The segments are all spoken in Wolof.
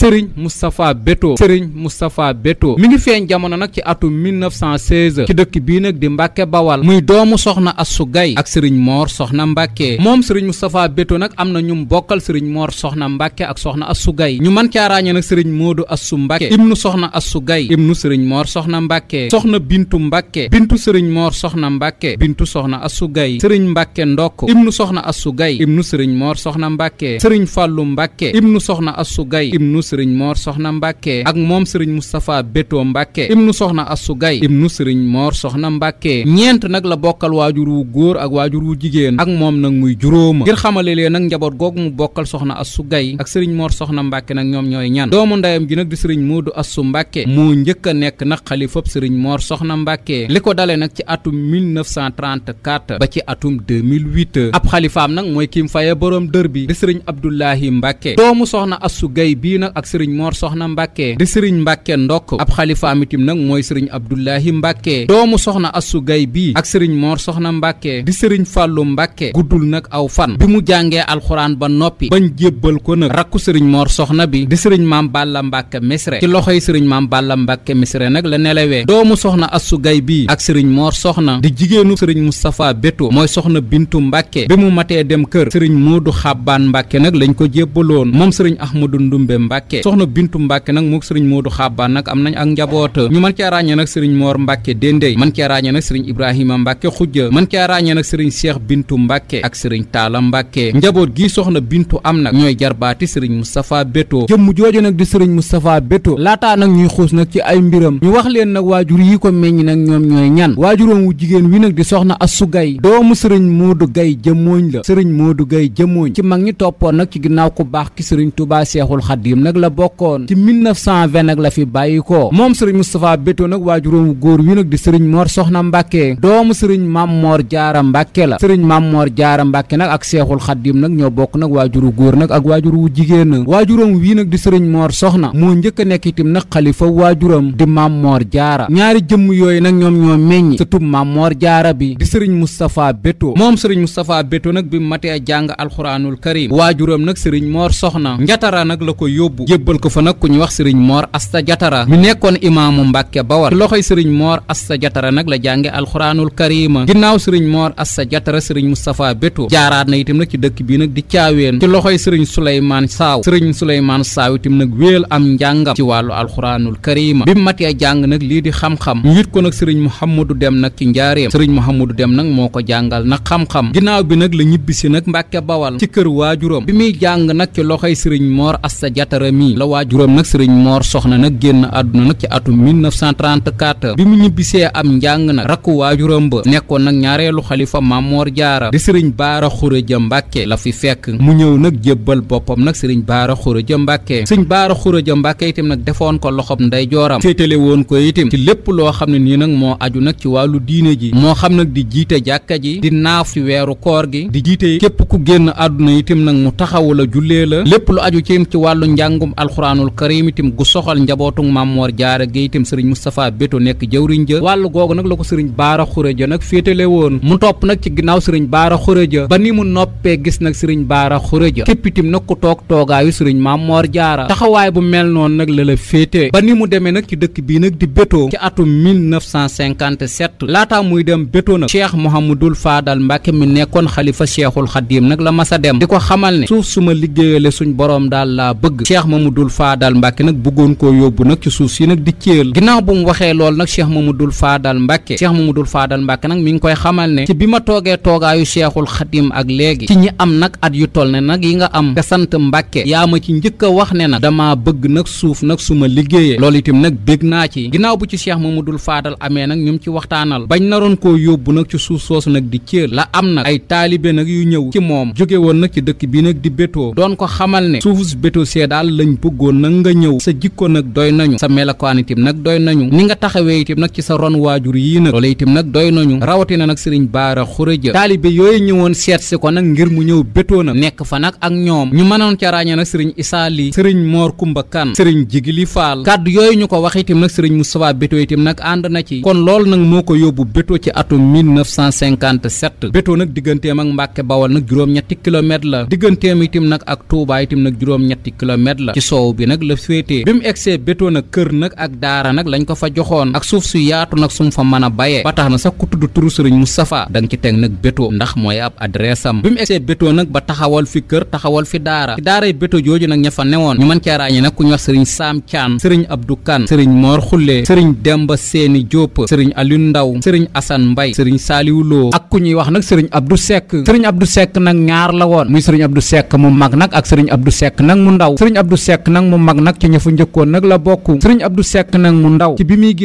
sëriñ Moustapha Beto sëriñ Moustapha Beto mi ngi feeñ jamono nag ci atum 1916 ci dëkk bii nag di Mbàkke Bawal muy doomu soxna Assu Gay ak sëriñ Moor soxna Mbàkke moom sëriñ Moustapha Beto nag am na ñu mu bokkal sëriñ Moor soxna Mbàkke ak soxna Assu Gay ñu mën caa ràññee nag sëriñ Moodu Assu Mbàkke ibnu soxna Assu Gay ibnu sëriñ Moor soxna Mbàkke soxna Bintu Mbàkke bintu sëriñ Moor soxna Mbàkke bintu soxna Assu Gay sëriñ Mbàkke Ndokk ibnu soxna Assu Gay ibnu sëriñ Moor soxna Mbàkke sëriñ Fàllu Mbàkke ibnu soxna Assu Gay sëriñ moor soxna mbàkke ak moom sëriñ moustapha bétoo mbàkke ibnu soxna assu gay ibnu sëriñ moor soxna mbàkke ñeent nag la bokkal waajur wu góor ak waajur wu jigéen ak moom nag muy juróoma ngir xamale leen nag njaboot googu mu bokkal soxna assu gay ak sëriñ moor soxna mbàkke nag ñoom ñooy ñan doomu ndeyam gi nag di sëriñ moodu assu mbàkke moo njëkk a nekk nag xalifab sëriñ moor soxna mbàkke li ko dale nag ci atum 1934 ba ci atum 2008 ab xalifaam nag mooy kiim faye boroom dër bi di sëriñ abdoulahi mbàkke doomu soxna ak sëriñ Mor Soxna Mbàkke di sëriñ Mbàkke Ndokk ab xalifaam itam nag mooy sëriñ Abdullahi Mbàkke doomu soxna Assu Gay bi ak sëriñ Mor Soxna Mbàkke di sëriñ Fàllu Mbàkke guddul nag aw fan bi mu jàngee alxuraan ba noppi bañ jébbal ko nag rakku sëriñ Mor Soxna bi di sëriñ Maam Balla Mbàkke Mesre ci loxoy sëriñ Maam Balla Mbàkke Mesre nag la nelawee doomu soxna Assu Gay bi ak sëriñ Mor Soxna di jigéenu sëriñ Moustapha Béto mooy soxna Bintu Mbàkke bi mu matee dem kër sëriñ Moodu Xabbaan Mbàkke nag lañ ko jébaloon moom sëriñ Ahmadu Ndumbe Mbàkke Mbacke soxna Bintu Mbacke nag mook sëriñ Modou Xaabaan nag am nañ ak njaboot ñu mën cee ràññee nag sëriñ Mor Mbacke Dendey mën cee ràññee nag sëriñ Ibrahima Mbacke Xujja mën cee ràññee nag sëriñ Cheikh Bintu Mbacke ak sëriñ Taala Mbacke njaboot gi soxna Bintu am nag ñooy jarbaati sëriñ Moustapha Béto jëmm jooju nag di sëriñ Moustapha Béto laataa nag ñuy xuus nag ci ay mbiram ñu wax leen nag waajur yi ko meññ nag ñoom ñooy ñan waajuroom wu jigéen wi nag di soxna Assu Gay doomu sëriñ Modou Gay jëmooñ la sëriñ Modou Gay jëmooñ ci mag ñi toppoon nag ci ginnaaw ku baax ki sëriñ Touba Seexul Xadim la bokkoon ci 1920 nag la fi bàyyi ko moom sëriñ Moustapha Béthio nag waajuróomu góor wi nag di sëriñ Mor Soxna Mbàkke doomu sëriñ Mam Mor Jaara Mbàkke la sëriñ Mam Mor Jaara Mbàkke nag ak Seexul Xaddim nag ñoo bokk nag waajuru góor nag ak waajur wu jigéen waajuróom wii nag di sëriñ moor Soxna moo njëkk a nekk itam nag xalifa waajuram di Mam Mor Jaara ñaari jëmm yooyu nag ñoom ñoo meññ sëtub Mam Mor Jaara bi di sëriñ Moustapha Béthio moom sëriñ Moustapha Béthio nag bi matee jàng alxuraanul karim waajuram nag sëriñ Mor Soxna njatara nag la jébbal ko fa nag ku ñu wax sëriñ Mor Asta Jatara mi nekkoon imaamu Mbàkke Bawal ci loxoy sëriñ Mor Asta Jatara nag la jànge alxuraanul karima ginnaaw sëriñ Mor Asta Jatara sëriñ Moustapha Bétu jaaraat na itam nag ci dëkk bii nag di caaween ci loxoy sëriñ Souleymane Saaw sëriñ Souleymane Saaw itam nag wéel am njàngam ci wàllu alxuraanul karima bi matee jàng nag lii di xam-xam ko nag sëriñ Mouhamadou Dem nag ci njaareem sëriñ Mouhamadou Dem nag moo ko jàngal nag xam-xam ginnaaw bi nag la ñibbisi nag Mbàkke Bawal ci kër waajuram bi muy jàng nag ci loxoy sëriñ Mor Asta Jatara Jaara mi la waajuram nag sëriñ Moor Soxna nag génn àdduna nag ci atum 1934 bi mu ñibbisee am njàng nag rakku waajuram ba nekkoon nag ñaareelu xalifa Maam Moor Jaara di sëriñ Baara Xuraja Mbàkke la fi fekk mu ñëw nag jébbal boppam nag sëriñ Baara Xuraja Mbàkke sëriñ Baara Xuraja Mbàkke itam nag defoon ko loxob ndeyjooram féetale woon ko itam ci lépp loo xam ne nii nag moo aju nag ci wàllu diine ji moo xam nag di jiite jàkka ji di naaf ci weeru koor gi di jiite képp ku génn àdduna itam nag njàngum alxuraanul karim itam gu soxal njabootu Mame Mor Diarra Gueye itam sëriñ Moustapha Béto nekk jëwriñ ja wàllu googu nag la ko sëriñ Baara Xuréja nag féetale woon mu topp nag ci ginnaaw sëriñ Baara Xuréja ba ni mu noppee gis nag sëriñ Baara Xuréja képp nag ku toog toogaayu sëriñ Mame Mor taxawaay bu mel noonu nag la la féete ba ni mu demee nag ci dëkk bii nag di Béto ci atum 1957 laataa muy dem Béto nag Cheikh Mouhamadul Fadal Mbacke mi nekkoon xalifa a Mamadul Faadal Mbàkke nag bëggoon koo yóbbu nag ci suuf si nag di céel ginnaaw bu mu waxee loolu nag Cheikh Mamadul Faadal Mbàkke Cheikh Mamadul Faadal Mbàkke nag mi ngi koy xamal ne bi ma toogee toogaayu Cheikhul Xadim ak léegi ci am nag at yu toll ne nag yi nga am te sant Mbàkke yaa ma ci njëkk a wax ne nag damaa bëgg nag suuf nag su ma liggéeyee loolu itam nag bég naa ci ginnaaw bu ci Cheikh Mamadul Faadal amee nag ñoom ci waxtaanal bañ naroon koo yóbbu nag ci suuf soosu nag di céel la am nag ay taalibe nag yu ñëw ci moom jóge woon nag ci dëkk bi nag di bétoo doon ko xamal ne suufus bétoo see lañ bëggoon nag nga ñëw sa jikko nag doy nañu sa melokaan itam nag doy nañu ni nga taxawee itam nag ci sa ron waajur yii nag loola itam nag doy nañu rawatina nag sëriñ baara xurëja taalibe yooyu ñëwoon seet si ko nag ngir mu ñëw bétoo na nekk fa nag ak ñoom ñu mënoon ca ràññee nag sëriñ isaa li sëriñ moor kumba kan sëriñ jigili faal kàddu yooyu ñu ko wax itam nag sëriñ moustapha bétoo itam nag ànd na ci kon lool nag moo ko yóbbu bétoo ci atum 1957 bétoo nag digganteem ak mbàkke bawal nag juróom-ñetti kilomètre la digganteem itam nag ak tuubaa itam nag juróom-ñetti kilomètre la la ci soow bi nag la féetee bi mu egsee bétoon a kër nag ak daara nag lañ ko fa joxoon ak suuf su yaatu nag sum fa man a bayee ba tax na sax ku tudd turu sëriñ Moustapha da nga ci teeg nag bétoo ndax mooy ab adresse am bi mu egsee bétoo nag ba taxawal fi kër taxawal fi daara ci daaray béto jooju nag ña fa newoon ñu man cee ràññee nag ku ñu wax sëriñ Saam Caan sëriñ Abdou Kan sëriñ Moor Xulle sëriñ Demba Seeni Diop sëriñ Aliou Ndaw sëriñ Assane Mbay sëriñ Saaliwu ak ku ñuy wax nag sëriñ Abdou Seck sëriñ Abdou Seck nag ñaar la woon muy sëriñ Abdou mu mag nag ak sëriñ Abdou Seck nag Seck nag mu mag nag ci ña fa njëkkoon nag la bokk sëriñ Abdou Seck nag mu ndaw ci bi muy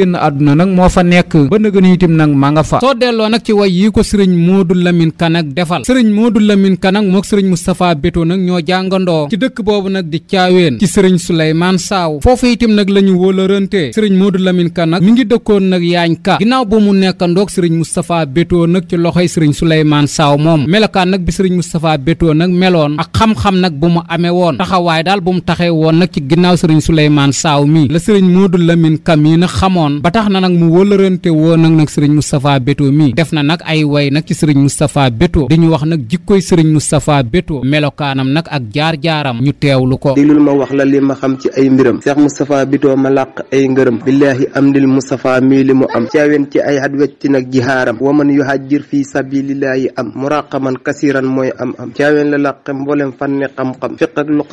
moo fa nekk ba nëgën itam nag ma nga fa soo delloo nag ci way yi ko sëriñ Modou Lamine Kane nag defal sëriñ Modou Lamine Kane nag mook sëriñ Moustapha Béto nag ñoo jàngandoo ci dëkk boobu nag di caaween ci sëriñ Souleymane Saaw foofu itam nag la ñu wóolarante sëriñ Modou Lamine Kane nag mi ngi dëkkoon nag yaañ ka ginnaaw bu mu nekkandoog sëriñ Moustapha Béto nag ci loxoy sëriñ Souleymane Saaw moom melokaan nag bi sëriñ Moustapha Béto nag meloon ak xam-xam nag bu mu amee woon taxawaay daal bu mu taxee waxee woon nag ci ginnaaw sëriñ Souleymane Saaw mii la sëriñ Modou Lamine Kam yi nag xamoon ba tax na nag mu wólarante woon nag nag sëriñ Moustapha Béthio mii def na nag ay way nag ci sëriñ Moustapha Béthio di ñu wax nag jikkoy sëriñ Moustapha Béthio melokaanam nag ak jaar-jaaram ñu teew lu ko déglul ma wax la li ma xam ci ay mbiram Cheikh Moustapha Béthio ma làq ay ngërëm billaahi am dil Moustapha mii li mu am ceewen ci ay at wecci nag jihaaram waman yuhajjir fii sabilillaahi am muraqaman kasiran mooy am am ceewen la làq mboolem fànni xam-xam fiq ak luq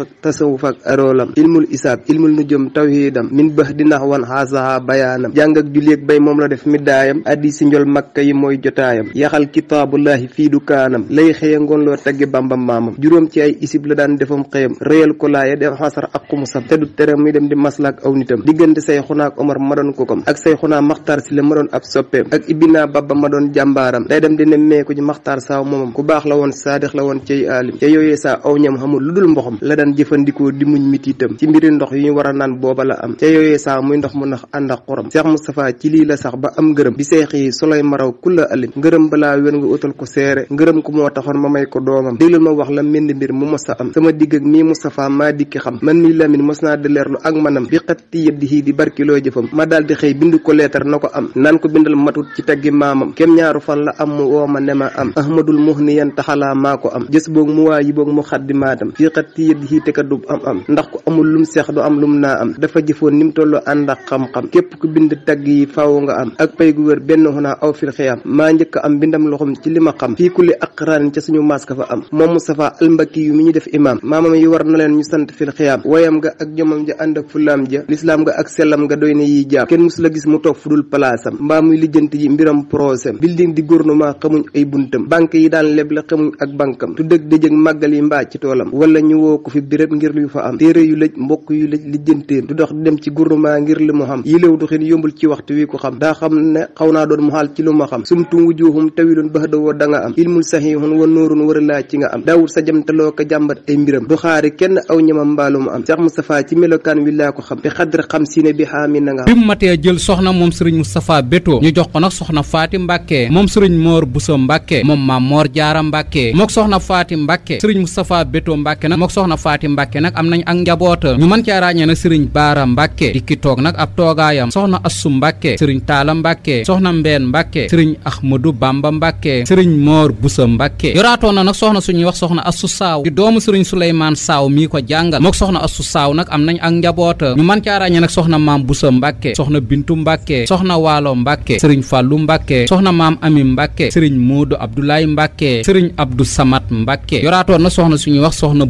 roolam ilmul isaab ilmul nujum tawhidam min bëx di nax wan xaasaha bayaanam jàng ak juleeg bay moom la def mi daayam addi si njol makka yi mooy jotaayam yaxal kitaabullahi fii du kaanam lay xëya ngoon loo teggi bamba maamam juróom ci ay isib la daan defam xëyam réyal ko laaya dem xasar ak xumusam te du tere muy dem di maslaak aw nitam diggante say xunaak omar ma doon kokam ak say xunaa maxtaar si la ma doon ab soppeem ak ibinaa babba ma doon jàmbaaram day dem di nemmee ko ji maxtaar saaw moomam ku baax la woon saadix la woon cey aalim te yooyee saa aw ñam xamul lu dul mboxam la daan jëfandikoo di muñ mitiitam ci mbiri ndox yi ñu war a naan booba la am ca yooyee saa muy ndox mu nax ànd ak xorom Cheikh Moustapha ci lii la sax ba am ngërëm bi seex yi solay maraw kulla alim ngërëm balaa wén nga utal ko seere ngërëm ku moo taxoon ma may ko doomam déglul ma wax la mel ni mbir mu mos a am sama digg ak mii Moustapha maa dikki xam man mi Lamine mos naa di leerlu ak manam bi xatti yëb di hii di barki jëfam ma daal di xëy bind ko leetar na ko am naan ko bindal matut ci teggi maamam kem ñaaru fan la am ma ma am ahmadul muhniyan taxalaa maa ko am jës boog mu waa yi boog mu xaddi maadam fii xatti yëb di hii te ndax ku amul lum seex du am lum naa am dafa jëfoon ni mu tolloo ànd ak xam-xam képp ku bind tagg yi faaw nga am ak pay gu wér benn xonaa aw fil xiyaam maa njëkk am bindam loxom ci li ma xam fii ku li ak raan ca suñu maas ka fa am moom Moustapha Almbakki yu mi ñu def imaam maamam yi war na leen ñu sant fil xiyaam woyam nga ak jomam ja ànd ak fulaam ja lislaam nga ak sellam nga doy na yiy jaam kenn mus gis mu toog fu dul palaasam mbaa muy lijjanti ji mbiram procès building di gouvernement xamuñ ay buntam banque yi daan leble xamuñ ak bankam tu dëg dëjëg màggal yi mbaa ci toolam wala ñu ko fi béréb ngir lu fa am téere yu lëj mbokk yu lëj lijjanteen du dox di dem ci gouvernement ngir li mu xam yiléew doxin yombul ci waxtu wi ko xam daa xam ne xaw naa doon mu xaal ci lu ma xam sumtum wujuhum tawilun baxdawoo da nga am ilmul sahihun wa nuurun war a laa ci nga am daawul sa jamtaloo ko jàmbat ay mbiram du xaari kenn aw ñamam mbaalu mu am Cheikh Moustapha ci melokaan wi laa ko xam bi xadra xam si bi xaami na nga am bi mu matee jël soxna moom sëriñ Moustapha Bétto ñu jox ko nag soxna Faati Mbàkke moom sëriñ Moor Buso Mbàkke moom maam Moor Jaara Mbàkke mook soxna Faati Mbàkke sëriñ Moustapha Bétto Mbàkke nag mook soxna Faati ak njabootam ñu mën caa ràññee nag sëriñ baara mbàkke dikki toog nag ab toogaayam soxna assu mbàkke sëriñ taala mbàkke soxna mbeen mbàkke sëriñ ahmadu bamba mbàkke sëriñ moor bu sa mbàkke yoraatoon na nag soxna suñuy wax soxna assu saaw di doomu sëriñ suleymaan saaw mii ko jàngal mook soxna assu saaw nag am nañ ak njabootam ñu mën caa ràññee nag soxna maam busa mbàkke soxna bintu mbàkke soxna waalo mbàkke sëriñ fàllu mbàkke soxna maam ami mbàkke sëriñ moodu abdoulaye mbàkke sëriñ abdu samat mbàkke yoraatoon na soxna suñuy wax soxna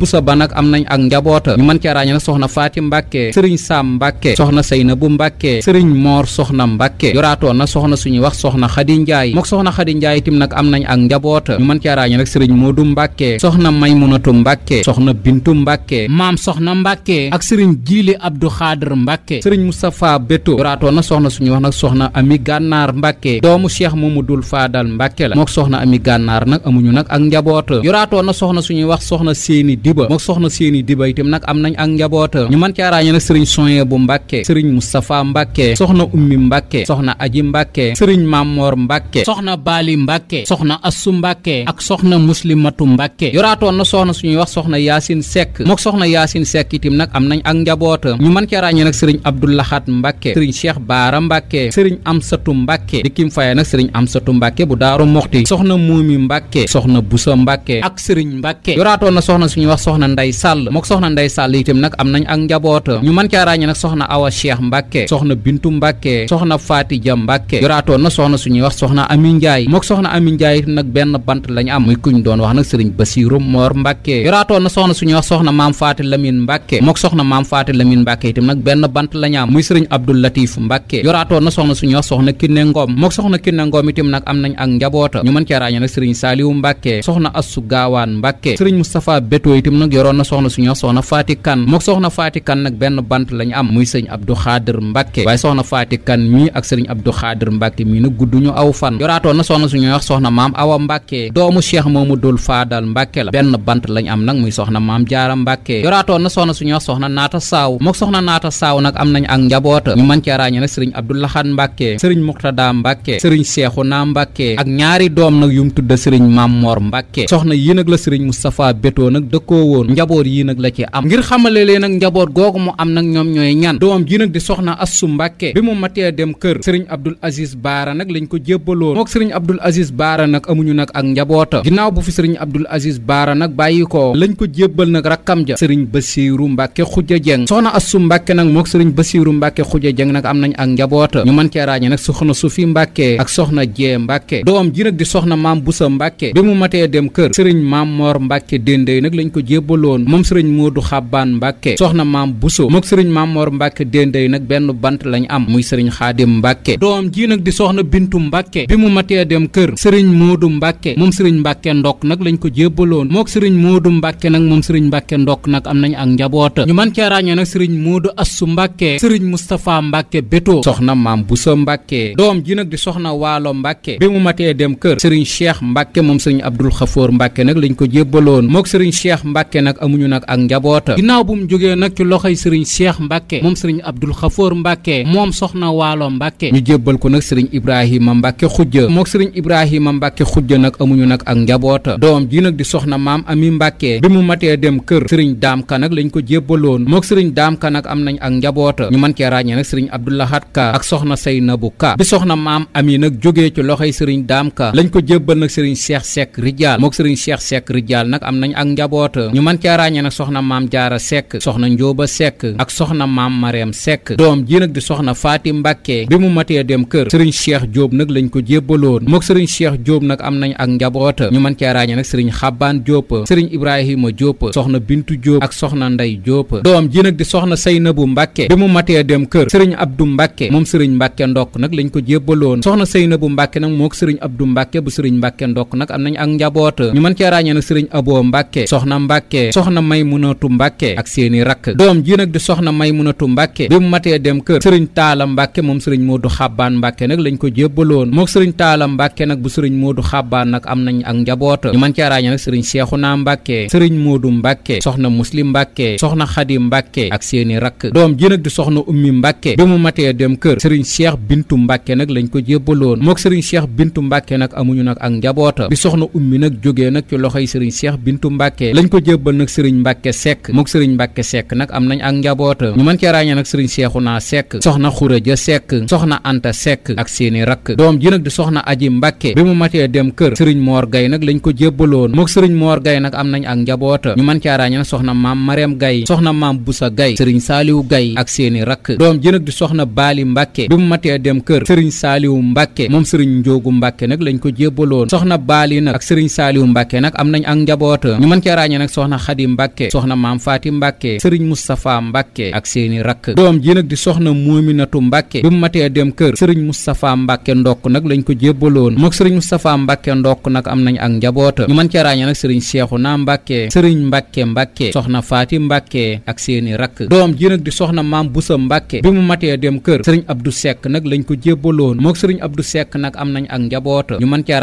busa ba nag am nañ ak njaboota ñu mën cee ràññe nag soxna faati mbàkke sëriñ saam mbàkke soxna seyna bu mbàkke sëriñ moor soxna mbàkke yoraatoon na soxna suñuy wax soxna xadi njaay mook soxna xadi njaay itam nag am nañ ak njaboota ñu mën cee ràññe nag sëriñ moodu mbàkke soxna maymunatu mbàkke soxna bintu mbàkke maam soxna mbàkke ak sëriñ jiili abdu xaadir mbàkke sëriñ mustapha bétu yoraatoon na soxna suñuy wax nag soxna ami gànnaar mbàkke doomu cheikh mamadul faadal mbàkke la mook soxna ami gànnaar nag amuñu nag ak njaboota yoraatoon na soxna suñuy wax soxna seeni diba mook soxna seeni diba itam nag am nañ ak njaboot ñu mën caa ràññee nag sëriñ soye bu mbàkke sëriñ moustapha mbàkke soxna ummi mbàkke soxna aji mbàkke sëriñ mammoor mbàkke soxna baali mbàkke soxna assu mbàkke ak soxna muslimatu mbàkke yoraatoon na soxna suñuy wax soxna yaasin sekk mook soxna yaasin sekk itam nag am nañ ak njaboot ñu man caa ràññee nag sëriñ abdoulahat mbàkke sëriñ cheikh baara mbàkke sëriñ amsatu mbàkke di kim faye nag sëriñ amsatu mbàkke bu daaru moxti soxna muumi soxna busa mbàkke ak sëriñ soxna Ndey Sàll mook soxna Ndey Sàll itam nag am nañ ak njaboot ñu mën caa ràññee nag soxna Awa Cheikh Mbàkke soxna Bintu Mbàkke soxna Faati na soxna suñuy wax soxna Ami Njaay mook soxna Ami Njaay lañ am muy doon wax nag sëriñ Basiiru Moor Mbàkke yoraatoon na soxna suñuy wax soxna Maam Faati Lamin Mbàkke mook soxna Maam Faati Lamin Mbàkke itam nag bant lañ am muy sëriñ Abdul Latif Mbàkke yoraatoon na soxna suñuy wax soxna Kinne Ngom mook soxna Kinne Ngom itam nag am nañ ak njaboota ñu mën caa ràññee nag sëriñ Saaliwu Mbàkke soxna Assu Gaawaan Mbàkke sëriñ Mustafa Beto itam nag nag yoroon na soxna suñu wax soxna Faati Kan mook soxna Faati Kan nag benn bant lañu am muy sëñ Abdou Xaadir Mbàkke waaye soxna Faati Kan mii ak sëriñ Abdou Xaadir Mbàkke mii nag gudd ñu aw fan yoraatoon na soxna suñu wax soxna maam Awa Mbàkke doomu Cheikh Mamadul Faadal Mbàkke la benn bant lañu am nag muy soxna maam Jaara Mbàkke yoraatoon na soxna suñu wax soxna Naata Saaw mook soxna Naata Saaw nag am nañ ak njaboota ñu mën cee ràññee nag sëriñ Abdou Lahat Mbàkke sëriñ Muqtada Mbàkke sëriñ Seexuna Mbàkke ak ñaari doom nag yu mu tudda sëriñ Maam Mor Mbàkke soxna yi la sëriñ Moustapha Bétoo nag dëkkoo woon njaboot yi nag la ci am ngir xamale leen nag njaboot googu mu am nag ñoom ñooy ñan doom ji nag di soxna Astou Mbacké bi mu matee dem kër sëriñ Abdoul Aziz Baara ko jébbaloon ko lañ ko jébbal nag rakkam ja sëriñ Bassirou Mbacké Khoudia Dieng soxna Astou Mbacké nag mook sëriñ Bassirou Mbacké Khoudia Dieng nag am nañ ak njaboota ñu mën cee ràññee nag soxna Soufi Mbacké ak soxna Jee Mbacké doom ji nag di soxna Maam Boussa Mbacké bi mu matee dem kër sëriñ Maam nag lañ ko jébbal jébbaloon moom sëriñ Moodu Xabbaan Mbàkke soxna maam Buso mook sëriñ Maam Mor Mbàkke déndey nag benn bant lañ am muy sëriñ Xaadim Mbàkke doom ji nag di soxna Bintu Mbàkke bi mu matee dem kër sëriñ Moodu Mbàkke moom sëriñ Mbàkke Ndokk nag lañ ko jébbaloon mook sëriñ Moodu Mbàkke nag moom sëriñ Mbàkke Ndokk nag am nañ ak njaboota ñu mën cee ràññee nag sëriñ Moodu Assu Mbàkke sëriñ Mustapha Mbàkke Béto soxna maam Buso Mbàkke doom ji nag di soxna Waalo Mbàkke bi mu matee dem kër sëriñ Cheikh Mbàkke moom sëriñ Abdul Xafoor Mbàkke nag lañ ko jébbaloon mook sëriñ Cheikh Mbàkke Mbàkke nag amuñu nag ak njaboota ginnaaw bu mu jógee nag ci loxoy sëriñ Cheikh Mbàkke moom sëriñ Abdul Xafoor Mbàkke moom soxna Waalo Mbàkke ñu jébbal ko nag sëriñ Ibrahima Mbàkke xujja mook sëriñ Ibrahima Mbàkke xujja nag amuñu nag ak njaboota doom ji nag di soxna maam Ami Mbàkke bi mu matee dem kër sëriñ Daam Ka nag lañ ko jébbaloon mook sëriñ Daam Ka nag am nañ ak njaboota ñu man cee ràññee nag sëriñ Abdoulahat Ka ak soxna Saynabu Ka bi soxna maam Ami nag jógee ci loxoy sëriñ Daam Ka lañ ko jébbal nag sëriñ Cheikh Seck Rijaal mook sëriñ Cheikh Seck Rijaal nag am nañ ak njaboota ñu mën caa ràññee nag soxna maam jaara sekk soxna njóoba sekk ak soxna maam mariam sekk doom ji nag di soxna faati mbàkke bi mu matee dem kër sëriñ cheikh jóob nag lañ ko jébbaloon mook sëriñ cheikh jóob nag am nañ ak njaboota ñu man caa ràññee nag sëriñ xabbaan jóob sëriñ ibrahima jóob soxna bintu jóob ak soxna nday jóob doom ji nag di soxna saynabu mbàkke bi mu matee dem kër sëriñ abdu mbàkke moom sëriñ mbàkke ndokk nag lañ ko jébbaloon soxna saynabu mbàkke nag mook sëriñ abdu mbàkke bu sëriñ mbàkke ndokk nag am nañ ak njaboota ñu mën caa ràññee nag sëriñ aboo mbàkke soxna Mbàkke soxna Maymunatu Mbàkke ak seeni rakk doom ji nag di soxna Maymunatu Mbàkke bi mu matee dem kër sëriñ Taala Mbàkke moom sëriñ Moodu Xabbaan Mbàkke nag lañ ko jébbaloon mook sëriñ Taala Mbàkke nag bu sëriñ Moodu Xabbaan nag am nañ ak njaboota ñu mën cee ràññee nag sëriñ Seexuna Mbàkke sëriñ Moodu Mbàkke soxna Muslim Mbàkke soxna Xadi Mbàkke ak seeni rakk doom ji nag di soxna Ummi Mbàkke bi mu matee dem kër sëriñ Seex Bintu Mbàkke nag lañ ko jébbaloon mook sëriñ Seex Bintu Mbàkke nag amuñu nag ak njaboota bi soxna Ummi nag jógee nag ci loxoy sëriñ Seex Bintu Mbàkke lañ ko jébbaloon jébbal nag sëriñ Mbàkke Seck mook sëriñ Mbàkke sekk nag am nañ ak njaboota ñu mën cee ràññee nag sëriñ Seexuna Seck soxna Xuraja Seck soxna Anta Seck ak seeni rakk doom ji nag di soxna Aji Mbàkke bi mu matee dem kër sëriñ Moor Gay nag lañ ko jébbaloon mook sëriñ Moor Gay nag am nañ ak njaboota ñu cee ràññee nag soxna maam Marème Gay soxna maam Busa Gay sëriñ Saaliw Gay ak seeni rakk doom ji nag di soxna Baali Mbàkke bi mu matee dem kër sëriñ saaliwu Mbàkke moom sëriñ Njoogu Mbàkke nag lañ ko jébbaloon soxna Baali nag ak sëriñ saaliwu Mbàkke nag am nañ ak njaboota soxna Xadi Mbàkke soxna maam Faati Mbàkke sëriñ Moustapha Mbàkke ak seeni rakk doom ji nag di soxna Muuminatu Mbàkke bi mu matee dem kër sëriñ Moustapha Mbàkke ndokk ko jébbaloon mook sëriñ Moustapha Mbàkke ndokk nag am nañ ak njaboota ñu mën ca ràññe nag sëriñ Seexuna Mbàkke sëriñ Mbàkke Mbàkke soxna Faati Mbàkke ak seeni rakk doom ji nag di soxna maam Busa Mbàkke bi mu matee dem kër sëriñ Abdu Sekk nag lañ ko jébbaloon mook sëriñ Abdu Sekk nag am nañ ak njaboota ñu mën ca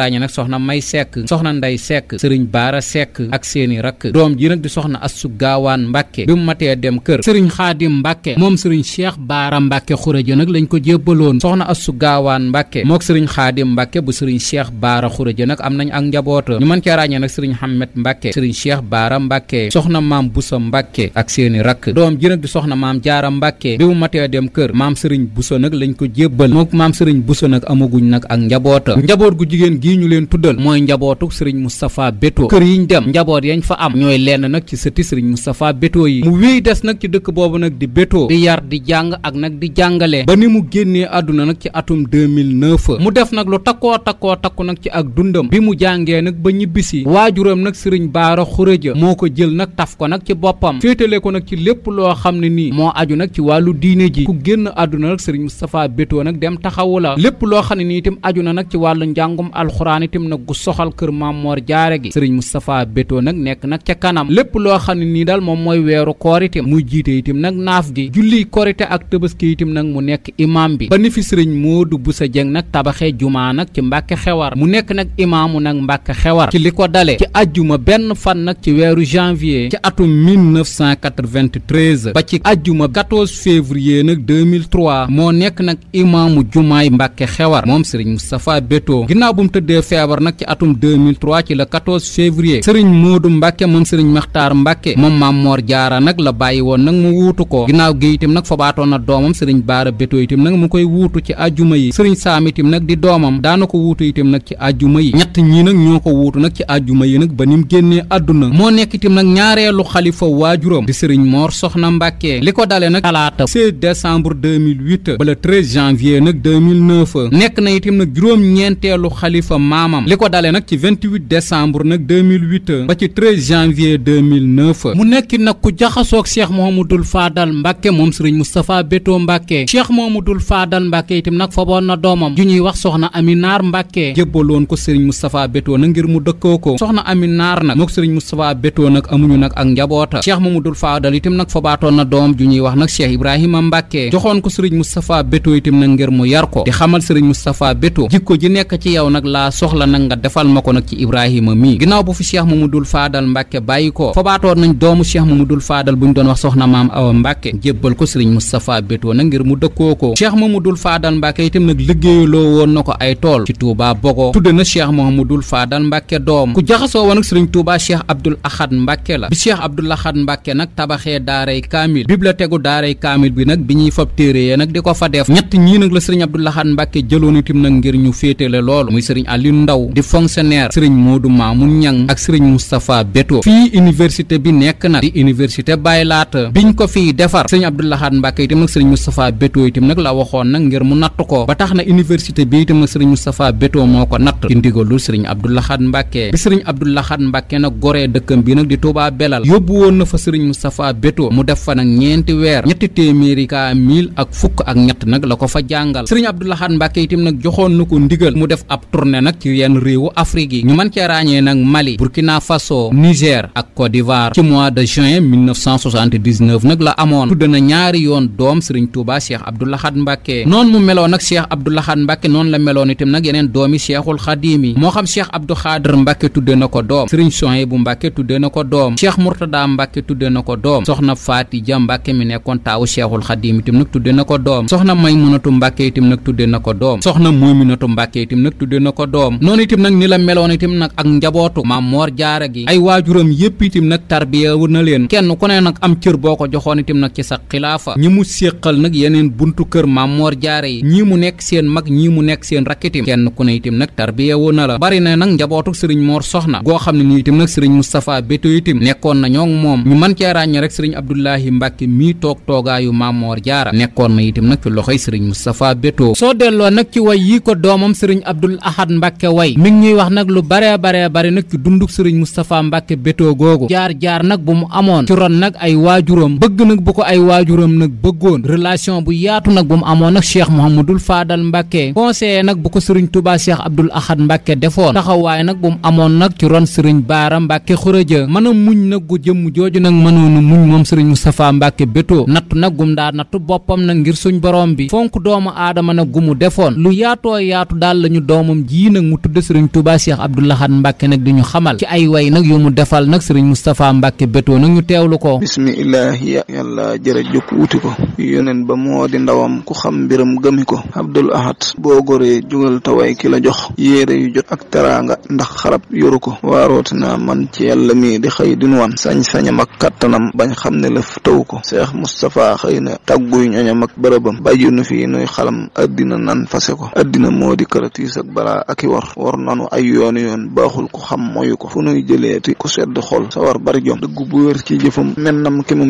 May Sekk soxna Nday Sekk sëriñ Baara Sekk ak seeni rakk doom ji nag di soxna Astou gaawaan mbakke bi mu matee dem kër sëriñ Xaadim mbakke moom sëriñ Cheikh Baara Mbacke Khourédia nag lañ ko jébbaloon soxna Astou Gawane Mbacke mook sëriñ Xaadim Mbacke bu sëriñ Cheikh Baara Khourédia nag am nañ ak njaboota ñu cee ràññee nag sëriñ Hamet Mbacke sëriñ Cheikh Baara Mbacke soxna maam Boussa Mbacke ak seeni rakk doom ji nag di soxna maam Jaara Mbacke bi mu matee dem kër maam sëriñ Boussa nag lañ ko jébbal mook maam sëriñ Boussa nag amaguñ nag ak njaboota njaboot gu jigéen gii ñu leen tuddal mooy njabootu sëriñ Moustapha Beto kër yiñ dem njaboot yañ fa am ñooy lenn nag ci sëti sëriñ Moustapha Béthio yi mu wéy des nag ci dëkk boobu nag di jàng ak nag di jàngale ba ni mu génnee àdduna nag ci atum 2009 mu def nag lu takkoo takkoo takku nag ci ak dundam bi mu jàngee nag ba ñibbisi waajuram nag sëriñ Baara Xuréja moo ko jël nag taf ko nag ci boppam féetale ko nag ci lépp loo xam ne nii moo aju nag ci wàllu diine ji ku génn àdduna nag sëriñ Moustapha Béthio nag dem taxawu la lépp loo xam ne nii itam aju na nag ci wàllu njàngum alxuraan itam nag gu soxal kër Maam Mor gi sëriñ Moustapha Béthio nag nekk nag ca kanam lépp loo xam ne nii daal moom mooy weeru koor muy jiite itam nag naaf gi julli korite ak tabaski itam nag mu nekk imaam bi ba ni fi sëriñ Moodu Busa Jeng nag tabaxee jumaa nag ci mbàkke xewar mu nekk nag imaamu nag mbàkke xewar ci li ko dale ci ajjuma benn fan nag ci weeru janvier ci atum 1993 ba ci ajjuma 14 février nag 2003 moo nekk nag imaamu jumaay mbàkke xewar moom sëriñ Moustapha Beto ginnaaw bu mu tëddee feebar nag ci atum 2003 ci le 14 février sëriñ maxtaar mbàkke moom maam moor jaara nag la bàyyi woon nag mu wuutu ko ginnaaw gi itam nag fabaatoon na doomam sëriñ baara bétoo itam nag mu koy wuutu ci ajjuma yi sëriñ saam nag di doomam daana wuutu itam nag ci ajjuma yi ñett ñii nag ñoo ko wuutu nag ci ajjuma yi nag ba ni mu àdduna moo nekk itam nag ñaareelu xalifa waajuram di sëriñ moor soxna mbàkke li ko dale nag talaata 16 décembre janvier nag nekk na itam nag juróom-ñeenteelu xalifa février 2009 mu nekk nag ku jaxasoog cheikh mohamadul faadal mbàkke moom sëriñ moustapha bétoo mbàkke cheikh mohamadul faadal mbàkke itam nag foboon na doomam ju ñuy wax soxna ami naar mbàkke jébbaloon ko sëriñ moustapha bétoo na ngir mu dëkkoo ko soxna ami naar nag mook sëriñ moustapha bétoo nag amuñu nag ak njaboota cheikh dul faadal itam nag fobaatoon na doomam ju ñuy wax nag cheikh ibrahima mbàkke joxoon ko sëriñ moustapha bétoo itam nag ngir mu yar ko di xamal sëriñ moustapha bétoo jikko ji nekk ci yow nag laa soxla nag nga defal ma ko nag ci ibrahima mii bàyyi ko fabaatoon nañ doomu cheikh mamadul faadal bu ñu doon wax soxna maam awa mbàkke jébbal ko sëriñ moustapha bétoo na ngir mu dëkkoo ko ma cheikh mamadul faadal mbàkke itam nag liggéeyaloo woon na ko ay tool ci tuubaa bogo tudde na cheikh mahamadul faadal mbàkke doom ku jaxasoo woon ak sëriñ tuubaa cheikh abdul ahad mbàkke la bi cheikh abdul ahad mbàkke nag tabaxee daaray kaamil la tegu daaray kaamil bi nag bi ñuy fab téere yee nag di ko fa def ñett ñii nag la sëriñ abdul ahad mbàkke jëloon nag ngir ñu féetale loolu muy sëriñ aliou ndaw di fonctionnaire sëriñ moodu maamun ñang ak sëriñ moustapha bétoo fii fii université bi nekk nag di université Baye Laat biñ ko fiy defar sëñ Abdou Lahad Mbacke itam nag sëriñ Moustapha Beto itam nag la waxoon nag ngir mu natt ko ba tax na université bi itam nag sëriñ Moustapha Beto moo ko natt ci ndigalul sëriñ Abdou Lahad Mbacke bi sëriñ Abdou Lahad nag goree dëkkam bi nag di Touba Belal yóbbu woon na fa sëriñ Moustapha Beto mu def fa nag ñeenti weer ñetti téeméeri kaamil ak fukk ak ñett nag la ko fa jàngal sëriñ Abdou Lahad Mbacke itam nag joxoon na ko ndigal mu def ab tournée nag ci yenn réewu Afrique yi ñu mën cee ràññee nag Mali Burkina Faso Niger ak Côte d'Ivoire ci mois de juin 1979 nag la amoon tudd na ñaari yoon doom Serigne Touba Cheikh Abdoul Ahad noonu la meloon itam nag yeneen doomi Cheikhul Khadim yi moo xam Cheikh Abdou Khadr tudde na ko doom Serigne Souhaïbou Mbacké tudde na ko doom Cheikh Mourtada Mbacké tudde na ko doom soxna Faati Ja mi nekkoon taawu Cheikhul Khadim itam nag tudde na ko doom soxna Maymunatu Mbacké itam nag tudde na ko doom soxna Muminatu Mbacké itam nag tudde na ko doom noonu itam nag ni la meloon itam nag ak njabootu Maam Mor ñëpp itam nag tarbiya wu na leen kenn ku ne nag am cër boo ko joxoon mu séqal nag yeneen buntu kër Mamor Jaara yi ñii mu nekk seen mag ñii mu nekk seen rakk itam kenn ku ne itam nag tarbiya la bari na nag njabootu sëriñ Mor Soxna goo xam ne nii itam nag sëriñ Moustapha Béthio itam nekkoon na ñoo moom ñu mën cee ràññee rek sëriñ Abdoulahi Mbacke mii toog toogaayu Mamor Jaara nekkoon na itam nag ci loxoy sëriñ Moustapha Béthio soo delloo nag ci way yii ko doomam sëriñ Abdoul Ahad Mbacke way ñuy wax nag lu bare bare bare nag ci dunduk sëriñ Moustapha Mbacke Béthio googu jaar-jaar nag bu mu amoon ci ron nag ay waajuram bëgg nag bu ko ay waajuram nag bëggoon relation bu yaatu nag bu mu amoon nag cheikh mouhamadul faadal mbàkke conseiller nag bu ko sëriñ tubaa cheikh abdul ahad mbàkke defoon taxawaay nag bu mu amoon nag ci ron sëriñ baara mbàkke xurëja mën a muñ nag gu jëmm jooju nag mënoonu muñ moom sëriñ moustapha mbàkke bétoo nattu nag gum daa nattu boppam nag ngir suñ borom bi fonk doomu aadama nag gu mu defoon lu yaatoo yaatu daal lañu ñu doomam jii nag mu tudd sëriñ tubaa cheikh abdul ahad mbàkke nag di xamal ci ay way nag yu mu defal nag nag sëriñ Moustapha Mbacke Beto na ñu teewlu ko bismillahi yàlla jërëjëf wuti ko yoneen ba moo di ndawam ku xam mbiram gëmi ko abdul ahad boo goree jugal taway ki jox yéere yu jot ak teraanga ndax xarab yoru ko waaroot naa man ci yàlla mi di xëy din wan sañ-sañam ak kattanam bañ xam ne lëf taw ko seex mustapha xëy na tàgguy ñoñam ak bërëbam bàyyi nu fii nuy xalam addina nan fase ko addina moo di këratiis ak balaa ak i war war nanu ay yoonu yoon baaxul ku xam moyu ko fu nuy jëleeti ku sedd xol sawar bari jom dëgg bu wér ci jëfam mennam ki moom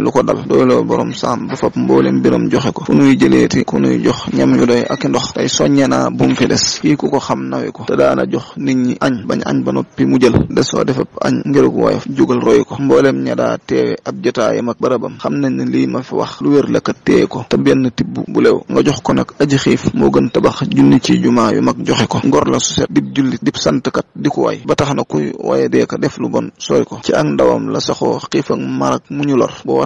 lu ko dal doyloo borom saam ba fab mboolem biram joxe ko fu nuy te ko nuy jox ñam yu doy ak ndox tey soññe naa bu mu fi des fii ku ko xam nawe ko te daana jox nit ñi añ bañ añ ba noppi mu jël desoo defab añ ngirug woyof jugal roy ko mboolem ña daa teewe ab jotaayam ak barabam xam na ne lii ma fi wax lu wér la kat téye ko te benn tibb bu lew nga jox ko nag aji xiif moo gën tabax junni ci jumaa yu mag joxe ko ngor la su set dib jullit dib santkat di ko way ba tax na kuy waye dee ko def lu bon sooy ko ci ak ndawam la saxoo xiif ak marak mu ñu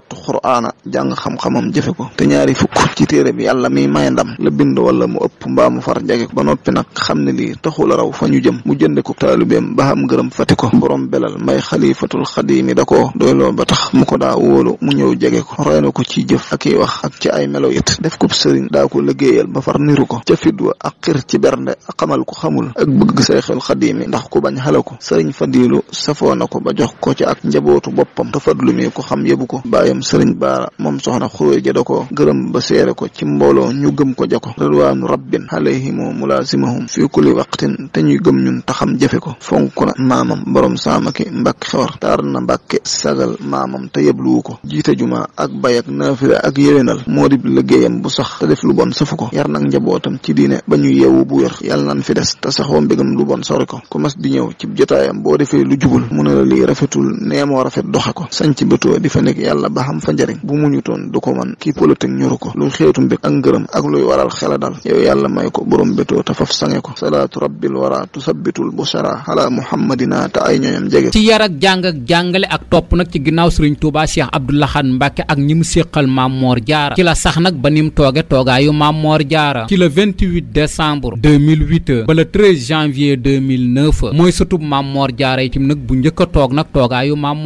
wattu xuraana jàng xam-xamam jëfe ko te ñaari fukk ci téere bi yàlla miy may la bind wala mu ëpp mbaa mu far jage ba noppi nag xam ne lii taxul a raw fa ñu jëm mu jënde ko taalubeem ba xam ngërëm fati ko borom belal may xalifatul xadiimi da koo doyloo ba tax mu ko daa wóolu mu ñëw jege ko roy ko ci jëf ak i wax ak ci ay melo it def ko sëriñ daa ko liggéeyal ba far niru ko ca fit ak xir ci bernde ak xamal ko xamul ak bëgg sayxul xadiimi ndax ko bañ xale ko sëriñ fadilu safoo na ko ba jox ko ci ak njabootu boppam te fadlu ko xam yëbu ko itam sëriñ baara moom soxna xuróy ja da ko gërëm ba seere ko ci mbooloo ñu gëm ko ja ko ridwaanu rabbin alayhimu mulaasimahum fii kulli waqtin ta ñuy gëm ñun taxam jafe ko fonk na maamam borom saamaki mbàkke xewar taar na mbàkke sagal maamam te yebluwu ko jiita juma ak bay ak naafila ak yéwénal moo di liggéeyam bu sax te def lu bon safu ko yar nag njabootam ci diine ba ñu yeewu bu wér yàlla nañ fi des te saxoo mbégam lu bon sori ko ku mas di ñëw ci jotaayam boo defee lu jubul mu ne la lii rafetul nee rafet doxe ko sañ ci bëtoo di fa xam fa njëriñ bu muñutoon du ko man kii politique ñuru ko luy xeetu mbég ak ngërëm ak luy waral xela dal yàlla may ko borom bétoo te sange ko salaatu rabbil wara tusabbitul busara ala muhammadina te ay ñoñam jege ci yar jàng jàngale ak topp nag ci ginnaaw sëriñ Touba Cheikh Abdou Lahad Mbacke ak ñi mu séqal Maam Moor Jaara ci la sax nag ba nim tooge toogaayu Maam Moor Jaara ci le 28 décembre 2008 ba le 13 janvier 2009 mooy sutub Maam Moor Jaara itam nag bu njëkk a toog nag toogaayu Maam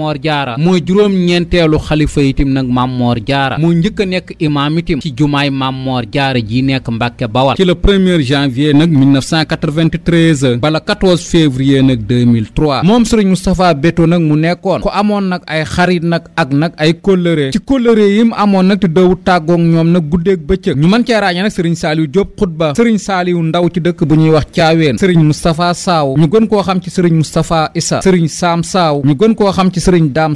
itim nag Maam Moor Jaara moo njëkk a nekk imaam itim ci jumaay Maam Moor Jaara ji nekk Mbàkke Bawal ci le 1er janvier nag 1993 bala 14 février nag moom Sëriñ Moustapha Béthio nag mu nekkoon ku amoon nag ay xarit nag ak nag ay kóllëre ci kóllëre yi mu amoon nag te doowu tàggoog ñoom nag guddeeg bëccëg ñu man cee ràññee nag Sëriñ Saaliw Jóob xutba Sëriñ Saaliw ndaw ci dëkk bu ñuy wax caaween Sëriñ Moustapha Saaw ñu gën koo xam ci Sëriñ Moustapha Issa Sëriñ Saam Saaw ñu gën koo xam ci Sëriñ Daam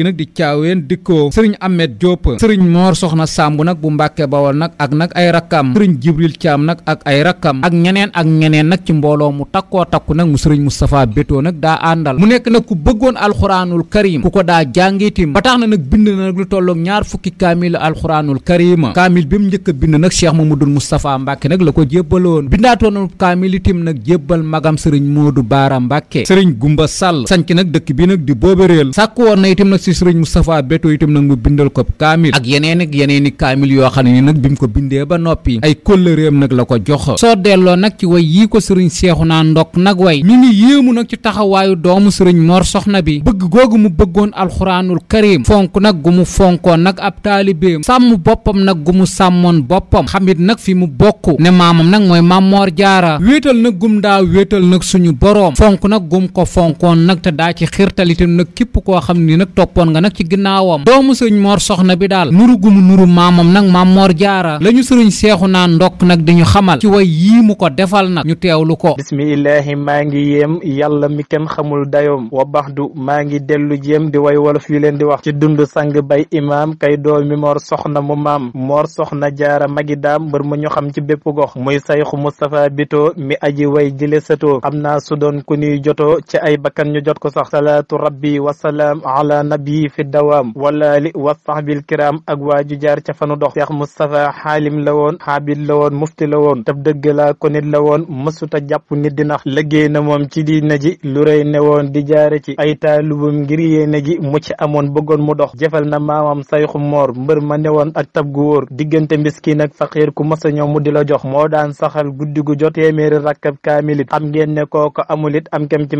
bi nag di caaween dikkoo sëriñ Ahmed Diop sëriñ Mor Soxna Samb nag bu Mbàkke Bawol nag ak nag ay rakkam sëriñ Jibril Thiam nag ak ay rakkam ak ñeneen ak ñeneen nag ci mbooloo mu takkoo takku nag mu sëriñ Moustapha Bétoo nag daa àndal mu nekk nag ku bëggoon alxuraanul karim ku ko daa jàngitim ba tax na nag bind na nag lu tollook ñaar fukki kaamil alxuraanul karim kaamil bi mu njëkk bind nag Cheikh Mamadou Moustapha Mbàkke nag la ko jébbaloon bindaatoon kaamil itim nag jébbal magam sëriñ Modou Baara Mbàkke sëriñ Gumba Sall sanc nag dëkk bi nag di booberéel si sëriñ Moustapha Béthio itam nag mu bindal ko kaamil ak yeneen ak yeneen i kaamil yoo xam ne ni nag bi mu ko bindee ba noppi ay kóllëreem nag la ko jox soo delloo nag ci way yii ko sëriñ Seexuna Ndokk nag way mi ngi yéemu nag ci taxawaayu doomu sëriñ Mor Soxna bi bëgg googu mu bëggoon alxuraanul karim fonk nag gu mu fonkoon nag ab taalibeem sàmm boppam nag gu mu sàmmoon boppam xamit nag fi mu bokk ne maamam nag mooy maam Moor Jaara wéetal nag gum daa wéetal nag suñu boroom fonk nag gum toppoon nga nag ci ginnaawam doomu sëñ moor soxna bi daal nuru gu mu nuru maamam nag maam moor jaara la ñu sëriñ seexu naa ndokk nag di ñu xamal ci way yii mu ko defal nag ñu lu ko bismillahi maa ngi yéem yàlla mi kenn xamul dayoom wa du maa ngi dellu jéem di way wolof yi leen di wax ci dund sang bay imaam kay doomi moor soxna mu maam moor soxna jaara magi daam mbër ma ñu xam ci bépp gox muy sayxu Moustapha Bito mi aji way jile satoo xam naa bii fi dawaam walaali wa sahbil kiram ak waa ju jaar ca fanu dox Cheikh Moustapha xaalim la woon xaabit la woon mufti la woon tab dëgg laa ko nit la woon mësuta jàpp nit di nax liggéey na moom ci diina ji lu rëy ne woon di jaare ci ay taalubum ngir yéene gi mucc amoon bëggoon mu dox jëfal na maamam sayxu moor mbër ma ne woon ak tab gu wóor diggante miskin ak faqiir ku masa ñëw mu di la jox moo daan saxal guddi gu jot téeméeri rakkab kaamilit xam ngeen ne kooko amulit am kem ci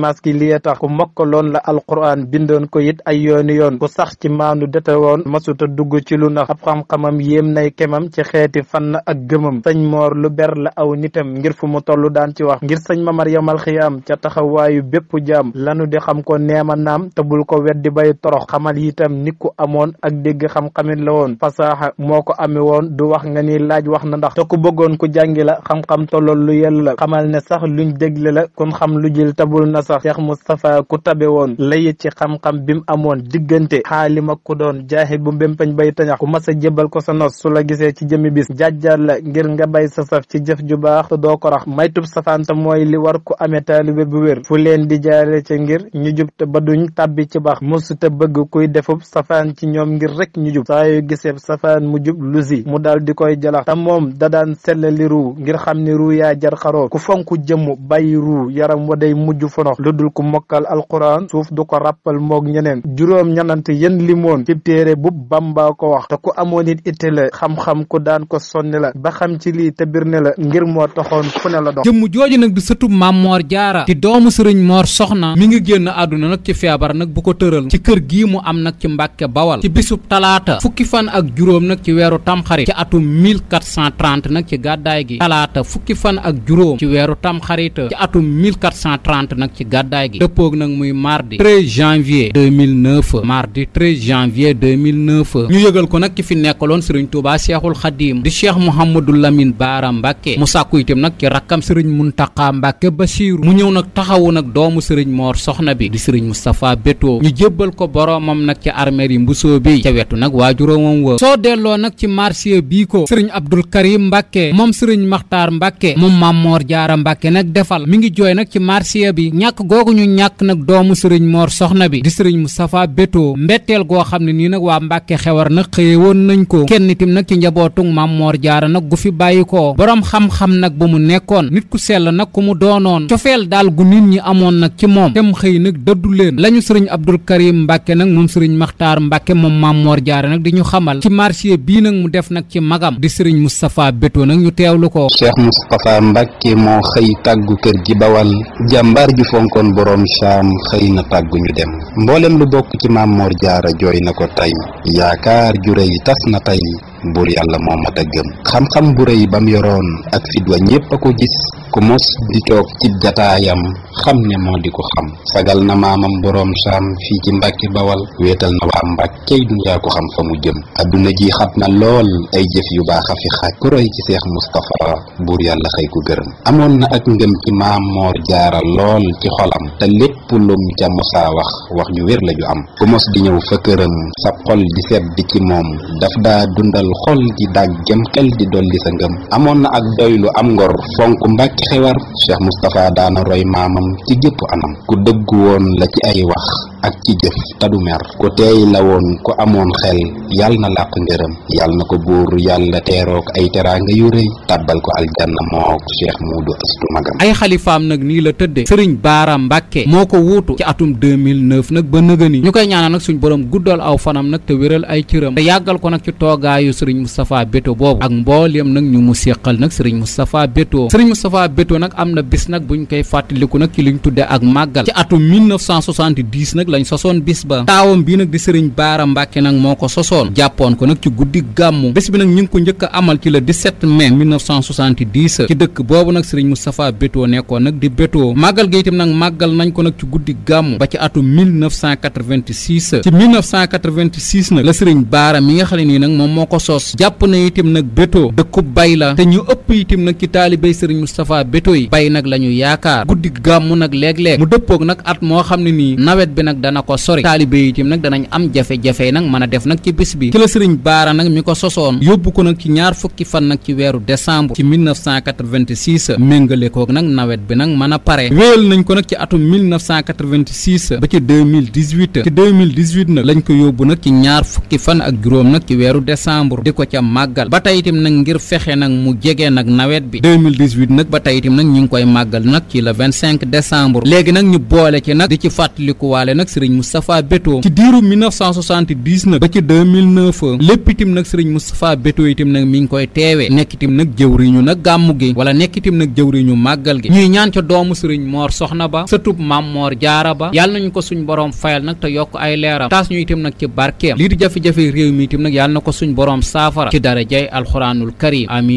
benn yoon ku sax ci maandu dete woon masuta dugg ci lu nax ab xam-xamam yéem nay kemam ci xeeti fann ak gëmam sëñ moor lu ber la aw nitam ngir fu mu tollu daan ci wax ngir sëñ mamar yamal xiyaam ca taxa taxawaayu bépp jaam lanu di xam ko neema naam te bul ko weddi bay torox xamal itam nit ku amoon ak dégg xam-xamit la woon fasaaxa moo ko amee woon du wax nga ni laaj wax na ndax te ku bëggoon ku jàngi la xam-xam tollool lu yell la xamal ne sax luñ dégle la ku diggante xaalima ku doon jaaxit bu mbémpañ bay tañax ku mas a jëbal ko sa nos su la gisee ci jëmi bis jàjjar la ngir nga bay sa saf ci jëf ju baax te doo ko rax maytub safaanta mooy li war ku amee taalibe bu wér fu leen di jaare ca ngir ñu jub te ba duñ tàbbi ci baax mosu te bëgg kuy defub safaan ci ñoom ngir rek ñu jub saa yu gisee safaan mu jub lu si mu dal di koy jalax te moom da daan sellali ruu ngir xam ni ru yaa jar xaroo ku fonk jëmm bay ruu yaram wa day mujj fonox lu dul ku mokkal alquran suuf du juróom ñanant yéen limoon téere bu bamba ko wax te ku amoon it itte xam-xam ku daan ko sonni la ba xam ci lii te bir ne la ngir moo taxoon fu ne la dox jëmm jooju nag di sëtu maam moor jaara di doomu sëriñ moor soxna mi ngi génn àdduna nag ci feebar nag bu ko tëral ci kër gi mu am nag ci mbàkke bawal ci bisub talaata fukki fan ak juróom nag ci weeru tamxarit ci atum 1430 nag ci gàddaay gi talaata fukki fan ak juróom ci weeru tamxarit ci atum 1430 nag ci gàddaay nag muy mardi 13 janvier mardi janvier ñu yëgal ko nag ki fi nekkaloon sëriñ Touba Cheikhul Khadim di cheikh Mouhamadou Lamine Baara Mbacke mu sàkku itam nag ci rakkam sëriñ Muntaqa Mbacke Basiiru mu ñëw nag taxawu nag doomu sëriñ Mor soxna bi di sëriñ Moustapha Beto ñu jébbal ko boromam nag ci armeer yi mbusoo bi ca wetu nag waajuróomam wa soo delloo nag ci marché bii ko sëriñ Abdul Karim Mbacke moom sëriñ Makhtar Mbacke moom Maam Mor Jaara Mbacke nag defal mi ngi jooy nag ci marché bi ñàkk googu ñu ñàkk nag wéetoo mbetteel goo xam ne nii nag waa Mbàkke xewar nag xëye woon nañ ko kenn itam nag ci njabootu Maam Moor Jaara nag gu fi bàyyi ko boroom xam-xam nag bu mu nekkoon nit ku sell nag ku mu doonoon cofeel daal gu nit ñi amoon nag ci moom tem xëy nag dëddu leen lañu sëriñ Abdul Karim Mbàkke nag moom sëriñ Maxtaar Mbàkke moom Maam Moor Jaara nag di ñu xamal ci marché bii nag mu def nag ci magam di sëriñ Moustapha betoo nag ñu teewlu ko Cheikh Moustapha Mbàkke moo xëy tàggu kër gi bawal jàmbaar ju fonkoon boroom saam xëy maam Mor Jaara jooy na ko tey yaakaar ju réy tas na tey buur yàlla moo mat a gëm xam-xam bu réy bam yoroon ak fit wa ñépp a ko gis ku mos di toog cib jataayam xam ne moo di ko xam sagal na maamam boroom saam fii ci mbàkke bawal weetal na waa mbàkkey dunyaa ko xam fa mu jëm adduna ji xat na lool ay jëf yu baax a fi xaaj ku roy ci seex mustapha buur yàlla xëy ko gërëm amoon na ak ngëm ci maam moor jaara lool ci xolam te lépp lum ca mosaa wax wax ju wér la ju am ku mos di ñëw fa këram sab xol di sedd di ci moom daf daa dundal xol di dàggem xel di dolli sa ngëm amoon na ak doylu am ngor xewar Cheikh Moustapha daana roy maamam ci gépp anam ku dëggu woon la ci ay wax ak ci jëf tadu mer ku teey la woon ku amoon xel yal na làq ngërëm yal na ko buur yàlla teerook ay teraanga yu rëy tàbbal ko aljanna mook cheikh muudu astu magam ay xalifaam nag nii la tëdde sëriñ baaram mbàkke moo ko wuutu ci atum 2009 nag ba nëgëni ñu koy ñaanal nag suñu borom guddal aw fanam nag te wéral ay cëram te yàggal ko nag ci toogaayu sëriñ moustapha béto boobu ak mbooleem nag ñu mu séqal nag sëriñ moustapha béto sëriñ moustapha béto nag am na bis nag buñ koy fàttaliku nag ci liñ tudde ak màggal ci atum 1970 nag lañ sosoon bis ba taawam bii nag di sëriñ baara mbàkke nag moo ko sosoon jàppoon ko nag ci guddi gàmmu bés bi nag ñu ngi ko njëkk a amal ci le 17 mai 1970 ci dëkk boobu nag sëriñ Moustapha Bétoo nekkoon nag di Bétoo màggal gi itam nag màggal nañ ko nag ci guddi gàmmu ba ci atum ci nag la sëriñ baara mi nga xam nii nag moom moo ko sos jàpp na itam nag Bétoo dëkku bay la te ñu ëpp itam nag ci taalibey sëriñ Moustapha Bétoo yi bay nag la yaakaar guddi gàmmu dana ko sori taalibe yi itam nag danañ am jafe-jafe nag mën a def nag ci bis bi ci la sëriñ nag mi ko sosoon yóbbu ko nag ci ñaar fukki fan nag ci weeru décembre ci 1986 méngale koog nag nawet bi nag mën a pare wéyal ko nag ci atum 1986 ba ci 2018 ci 2018 nag lañ ko yóbbu nag ci ñaar fukki fan ak juróom nag ci weeru décembre di ko ca màggal ba tey nag ngir fexe nag mu jege nag nawet bi 2018 nag ba tey itam nag ñu ngi koy màggal nag ci le 25 décembre léegi nag ñu boole ci nag di ci fàttalikuwaale nag sëriñ Moustapha Beto ci diiru 1970 nag ba ci 2009 lépp itam nag sëriñ Moustapha Beto itam nag mi ngi koy teewee nekk itam nag jëwriñu nag gàmmu gi wala nekk itam nag jëwriñu màggal gi ñuy ñaan ca doomu sëriñ Moor Soxna ba sëtub Maam Moor Jaara ba yàlla nañu ko suñ borom fayal nag te yokk ay leeram taas ñu itam nag ci barkeem lii di jafe-jafe réew mi itam nag yàlla na ko suñ borom saafara ci dara jay alxuraanul karim amin